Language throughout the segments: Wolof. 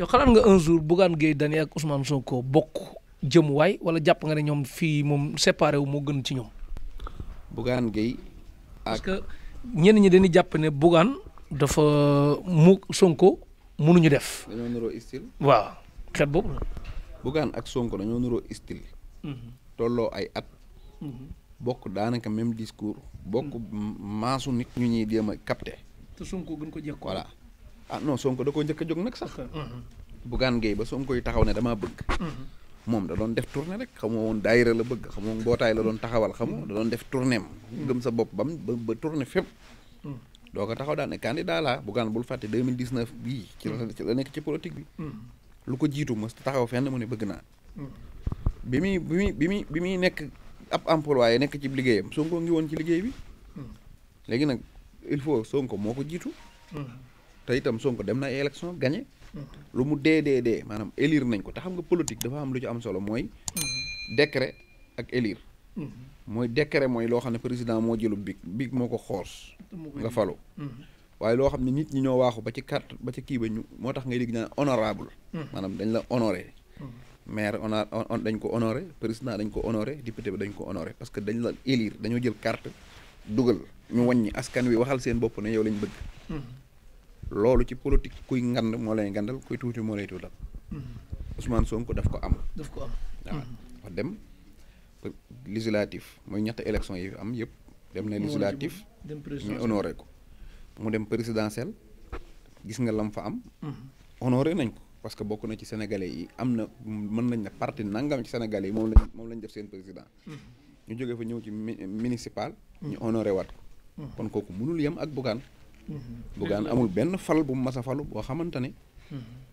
yow xalaat nga un jour Bougane Gueye Dany ak Ousmane Sonko bokk jëmuwaay wala jàpp nga ne ñoom fii moom séparé wu moo gën ci ñoom. Bougane Gueye. parce que ñenn ñi dañuy jàpp ne Bougane dafa mu Sonko mënuñu def. dañoo nuroo waaw xeet boobu la. Bougane ak Sonko dañoo nuroo style. Mhm. tolloo ay at. Mhm. bokk daanaka même discours. bokk mhm. maasu nit ñu ñuy jéem a capté. te Sonko gën ko jekk voilà. ah non Sonko da koo njëkk a jóg nag sax. Mm-hmm. Bougane Gueye ba Sonkoy taxaw ne damaa bëgg. Mm-hmm. moom da doon def tournée rek xamoo woon daayira la bëgg xamoo mbootaay la doon taxawal xamoo da doon def tournée am. Mm-hmm. gëm sa bopp bam ba ba tournée fépp. doo ko taxaw daal ne candidat laa Bougane bul fàtte 2019 bii. ci la ci la nekk ci politique bi. lu ko jiitu mos taxaw fenn mu ne bëgg naa. bi muy bi muy bi muy bi muy nekk ab employé nekk ci liggéeyam Sonko ngi woon ci liggéey bi. léegi nag il faut Sonko moo ko jiitu. te itam Sonko dem na élection gagné. lu mu dee dee dee maanaam élire nañ ko te xam nga politique dafa am lu ci am solo mooy. décret ak élire. mooy décret mooy loo xam ne président moo jëlu big big moo ko xoos. nga falu. waaye loo xam ne nit ñi ñoo waaxu ba ci carte ba ci kii ba ñu moo tax ngay dégg naan honorable maanaam dañ la honoré. maire honor dañ ko honoré président dañ ko honoré député bi dañ ko honoré parce que dañ la élire dañoo jël carte dugal ñu wàññi askan wi waxal seen bopp ne yow lañ bëgg. loolu ci politique kuy ngand moo lay ngandal kuy tuuti moo lay tuutal. Mm-hmm. Ousmane Sonko daf ko am. daf ko am waaw wax mm-hmm. dem législatif mooy ñett élection yi am yëpp. dem na législatif ñu honoré ko. mu dem présidentiel gis nga lam fa am. Mm-hmm. honoré nañ ko parce que bokk na ci sénégalais yi am na mën nañ ne parti nangam ci sénégalais yi moom lañ moom lañ def seen président. ñu jóge fa ñëw ci municipal. ñu honoré wat ko. kon kooku mënul yem ak Bougane. Bougane amul benn fal bu mu mas a falu boo xamante ne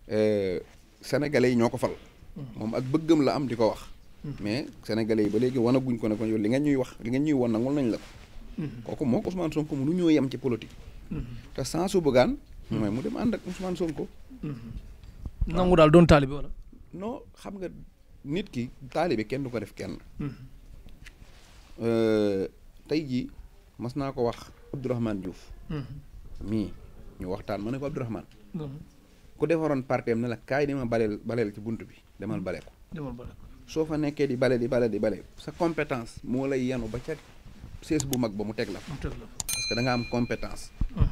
eh, sénégalais yi ñoo ko fal moom ak bëggam la am di ko wax mais sénégalais yi ba léegi wanaguñ ko ne ko li nga ñuy wax li nga ñuy won nangul nañ la ko kooku moo ko Ousmane Sonko mënu ñoo ci politique te sans su Bougane mooy mu dem ànd ak Ousmane Sonko nangu daal doon taalibe wala non xam nga nit ki taalibe kenn du ko def kenn eh, tey jii mas naa ko wax Abdourahmane Diouf mii ñu waxtaan ma ne ko Abdourahmane mhm. ku defaroon parteem ne la kaay di ma baleel baleel ci bunt bi demal bale ko soo fa nekkee di bale di bale di bale sa compétence moo lay yenu ba ca sees bu mag ba mu teg la fa parce danga am compétence mhm.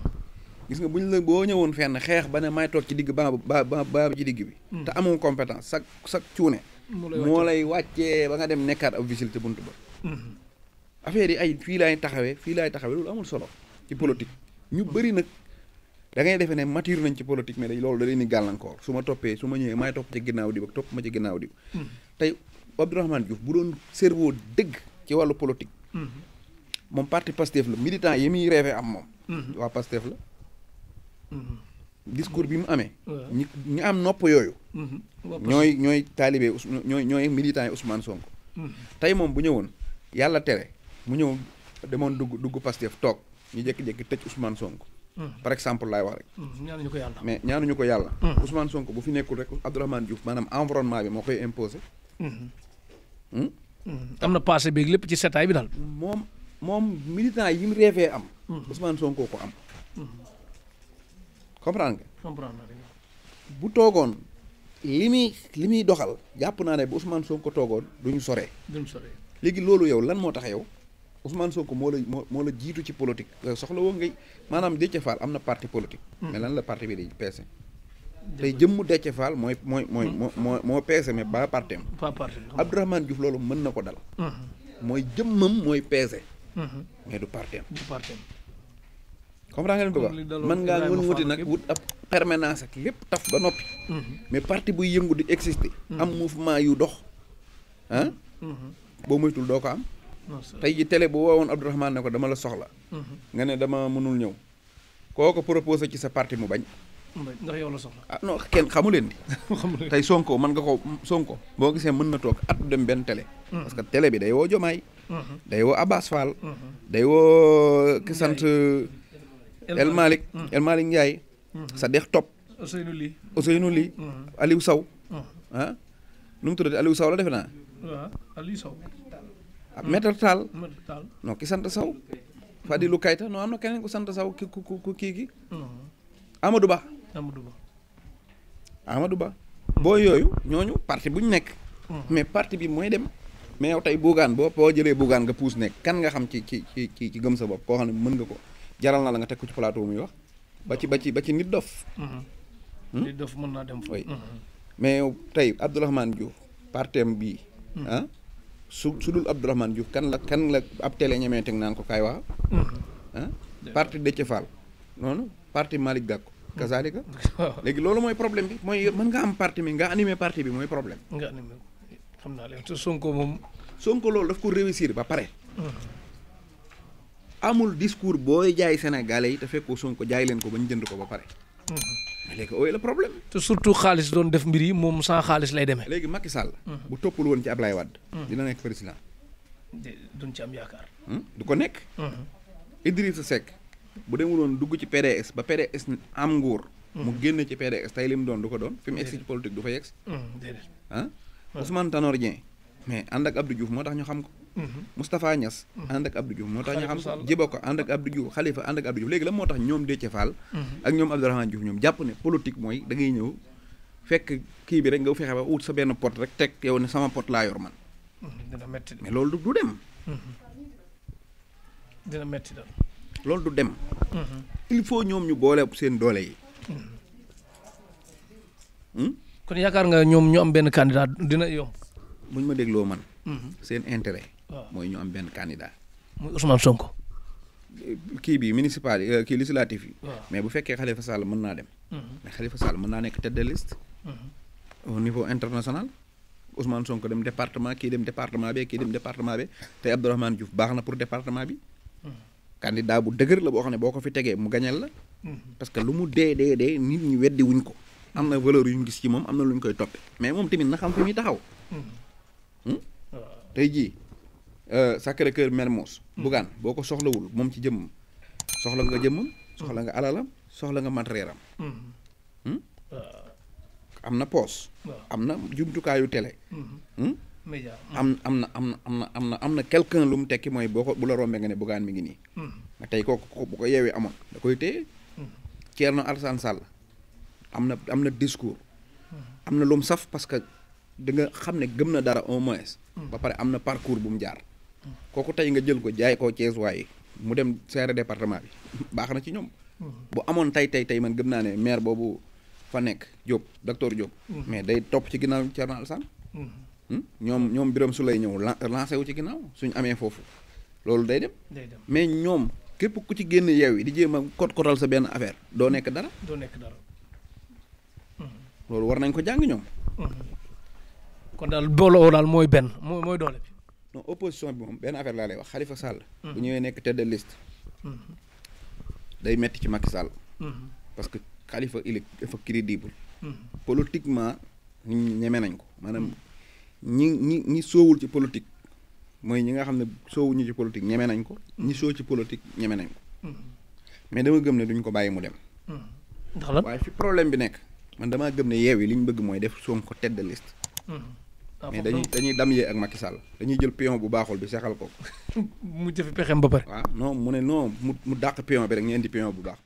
gis nga bu ñu la boo ñëwoon fenn xeex ba ne may toog ci digg ba ba ba ci digg bi mhm. te amoo compétence sa sa cuune moo lay wàccee ba nga dem nekkaat ab visil ci bunt ba affaire yi ay fii laay taxawee fii laay taxawee loolu amul ci politique ñu bëri nag da ngay ne mature nañ ci politique mais day loolu da leen gàllankoor su ma toppee su ma ñëwee maay topp ci ginnaaw diw ak topp ma ci ginnaaw diw hmm. tey Abdourahmane Diouf bu doon cerveau dëgg ci wàllu politique hmm. moom parti Pastef la militant yi muy rêvé am moom hmm. waa Pastef la discours bi mu amee ñi ñi am nopp yooyu ñooy ñooy taalibee us ñooy ñooy militant yi Ousmane Sonko tey moom bu ñëwoon yàlla tere mu ñëw demoon dugg dugg Pastef toog ñu jékki-jékki tëj Ousmane Sonko. Hmm. par exemple laay wax rek. Hmm, ñu ko yàlla. mais ñaanuñu ko yàlla. Hmm. Ousmane Sonko bu fi nekkul rek Abdourahmane Diouf maanaam environnement bi moo koy imposé. am na passé beeg lépp ci setaay bi daal. moom moom militant yi mu rêvé am. Ousmane Sonko ko am. comprendre nga. bu toogoon li muy li muy doxal jàpp naa ne bu Ousmane Sonko toogoon du ñu soree. du ñu soree léegi loolu yow lan moo tax yow. Ousmane Sonko moo la moo moo la jiitu ci politique euh, soxla woo ngay maanaam Déthié Fall am na parti politique. Hmm. mais lan la parti bi di peese. tey jëmm Déthié Fall mooy mooy mooy hmm. moo moo peese mais pas parti am. pas parti am Abdourahmane Diouf loolu mën na ko dal. Hmm. mooy jëmmam mooy peese. mais du parti am. du parti am. comprends nga leen ko baax ngaa ngun wuti ab permanence ak lépp taf ba noppi mais parti buy yëngu di exister am mouvement yu dox boo moytul doo ko am tey ji télé bu woowoon Abdourahmane ne ko dama la soxla mhm. nga ne dama mënul ñëw koo ko proposé ci sa parti mu bañ ndax yow la soxla ah non kenn xamu leen di tey Sonko mën nga ko Sonko boo gisee mën na toog at dem benn télé mhm. parce que télé bi day woo Jomaay mhm. day woo Abbas Fall day woo ki sant El Malick El Malick Ndiaye sa deex topp Ousseynou Ly Ousseynou Ly Aliou ah? nu mu tuddati Aliou Sow la defe naa Ah, maître Tall non ki sant saw Fadilou Kayta non am na keneen ku sant saw ki ku kii gi Amadou Ba Amadou Ba Amadou Ba boo yooyu ñooñu parti bu ñu nekk mm. mais parti bi mooy dem mais yow tey bugaan boo boo jëlee bugaan nga puus nekk kan nga xam ci ci ci ci ci gëm sa bopp koo xam ne mën nga ko jaral na la nga teg ko ci plateau muy wax ba ci ba ci ba ci nit dof mm-hmm. hmm? nit dof mm-hmm. mais yow tey Abdourahmane Diouf partem bii mm. ah, su su dul Abdourahmane Diouf kan la kan la ab télé ñemee teg naan ko kaay waa mm-hmm. ah parti Déthié Fall noonu parti Malick Gakou kazalika léegi loolu mooy problème bi mooy man nga am parti mi nga animé parti bi mooy problème nga animé xam naa leen te moom Sonko loolu daf ko réussir ba pare mm-hmm. amul discours booy jaay Sénégalais yi te fekkoo Sonko jaay leen ko ba ñu jënd ko ba pare mm-hmm. mais léegi ooy la problème. te surtout xaalis doon def mbir yi moom sans xaalis lay demee. léegi Macky Sall. Mhm. bu toppul woon ci Ablaye Wade. Mhm. dina nekk président. duñ ci am hmm? du ko nekk. Mhm. Idrissa Seck bu demul woon dugg ci PDS ba PDS am nguur. mu génn ci PDS tey li mu doon du ko doon. fi mu egsi ci politique du fa yegsi. déedéet ah Ousmane Tanor mais ànd ak Abdou Diouf moo tax ñu xam ko. Moustapha Niass ànd ak Abdou Diouf moo tax ñu xam jiba ko ànd ak Abdou Diouf Khalifa ànd ak Abdou Diouf léegi la moo tax ñoom Déthié Fall ak ñoom Abdourahmane Diouf jàpp ne politique mooy da ngay fekk kii bi rek nga fexe ba wut sa benn pot rek teg yow ne sama pot laa yor man mm-hmm. dina metti mais loolu du dem mm-hmm. dina loolu du dem mm-hmm. il faut ñoom ñu boole seen doole yi hmm? kon yaakaar nga ñoom ñu am benn candidat dina yomb muñ ma dégloo man seen intérêt mooy ñu am benn candidat. muy Ousmane Sonko. kii bi municipal euh, kii législatif yi. mais bu fekkee Khalifa Sall mën naa dem. Mhm. mais Khalifa Sall mën naa nekk tête de liste. Mhm. au niveau international. Ousmane Sonko dem département kii dem département bi kii dem département bi te Abdourahmane Diouf baax na pour département bi. Mhm. candidat bu dëgër la boo xam ne boo ko fi tegee mu gañal la. parce que lu mu dee dee dee nit ñi weddi wuñ ko. am na valeur yu ñu gis ci moom am na lu koy toppee. mais moom tamit na xam fi muy taxaw. Hmm? Euh, Sacré Cœur Mermoz hmm. Bougane boo ko soxlawul moom ci jëmm soxla nga jëmmam soxla nga alalam soxla nga matérielam hmm. Hmm? Euh. am na poos am na jumtukaayu télé am na am na am na am na am na quelqu'un lu mu tekki mooy boo ko bu la rombee nga ne Bougane mi ngi nii nga tey kooku bu ko yeewee amoon da koy téye Thierno Alassane Sall am na am na discours am na lu mu saf parce que da xam ne gëm na dara au moins ba pare am na parcours bu mu jaar kooku tey nga jël ko jaay koo Cees waaye mu dem seere département bi baax na ci ñoom. bu amoon tey tey tey man gëm naa ne maire boobu fa nekk Diop docteur Diop. mais day topp ci ginnaaw Thierno Alassane. Hmm? ñoom ñoom Birame su lay ñëw lancé wu ci ginnaaw suñu amee foofu loolu day dem. day dem mais ñoom képp ku ci génn yeew yi di jéem kot kotal sa benn affaire doo nekk dara. doo nekk dara. loolu war nañ ko jàng ñoom. Hmm. Hmm. kon daal oo daal mooy benn mooy mooy doole bi. non opposition bi moom benn affaire laa lay wax Khalifa Sall. Mm-hmm. bu ñëwee nekk tête de liste. Mm-hmm. day metti ci Macky Sall. Mm-hmm. parce que Khalifa il est dafa crédible. politiquement ñeme nañ ko maanaam ñi ñi ñi soowul ci politique mooy ñi nga xam ne soowuñu ci politique ñeme nañ ko. ñi soow ci politique ñeme nañ ko. mais dama gëm ne duñ ko bàyyi mu dem. waaye fi problème bi nekk man damaa gëm ne yeew yi li bëgg mooy def Sonko tête de liste. mais dañuy dañuy damyee ak Macky Sall dañuy jël pion bu baaxul bi sexal ko. mu jëfi pexem ba pare. waaw non mu ne non mu mu dàq pion bi rek ñu indi pion bu baax.